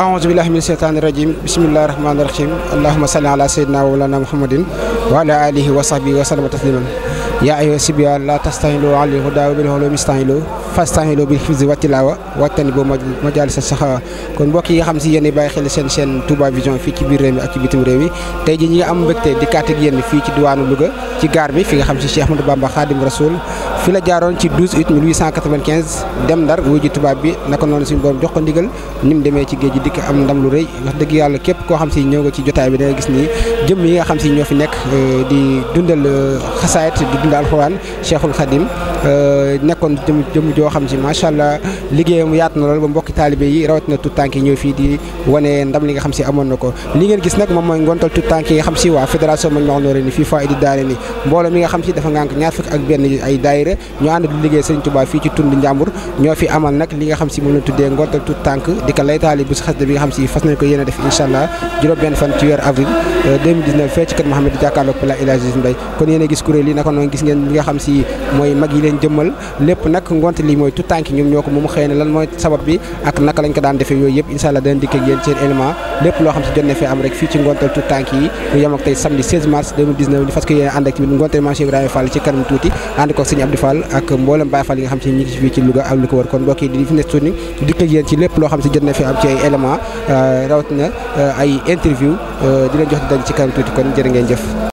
aouzu billahi min seytaani rajim bismillahi rahmaani rahim allahuma salli ala sayyidina wa mawlana muhammadin wa ala alihi wa sahbihi wa sallama tasliman yaa ayyuha sibya la tastahilu alil huda wa bil bi istahilu fastahilu bil hifzi wa tilawa wattani bo majalisa saxawa kon mbokk yi nga xam si yéen bàyyi xel seen chaîne Touba Vision fii ci biir réew mi ak ci bitim réew mi tey ji ñi nga am mbégte di kaat ak yéen fii ci diwaanu Louga ci gaar bi fi nga xam si Cheikh Ahmadou Bamba Khadim Rasoul fi la jaaroon ci 12 août 1895 dem ndar wuy ji tubaab bi naka noonu suñu borom jox ko ndigal ni demee ci géej gi dikk am ndam lu rëy wax dëgg yàlla képp koo xam si ñëw nga ci jotaay bi da nga gis ni jëm yi nga xam si ñoo fi nekk euh, di dundal euh, xasaayit di dundal alxuraan Cheikhul Khadim euh, nekkoon jëm jëm joo xam si macha allah liggéeyam yaatu na lool ba mbokki taalibe yi rawatina tout tànk yi ñëw fii di wane ndam li nga xam si amoon na ko li ngeen gis nag moom mooy ngontal tout tànk yi nga xam si waa fédération Majmahun Nurayni fii faa idi daane ni mbooloo mi nga daayira ànd di liggéey Sëriñ Tuubaa fii ci tund Njàmbur ñoo fi amal nag li nga xam si moom la tuddee ngortal tout tànk di laytaali bu si xasida bi nga xam si fas nañ ko yéene def incha juróom-benn fan ci weer avril euh, fee ci kër Mouhamed jàkkaarloog ko moom am di Fall ak mboolem Baye Fall yi nga xam ci ñi ngi ci fii ci Louga ak lu ko wër kon mbokk yi di fi nekk suñu dikk ak yéen ci lépp loo xam si jot na fi am ci ay élément euh, rawatina euh, ay interview euh, di jox di dañ ci kanam tuuti kon jërë ngeen jëf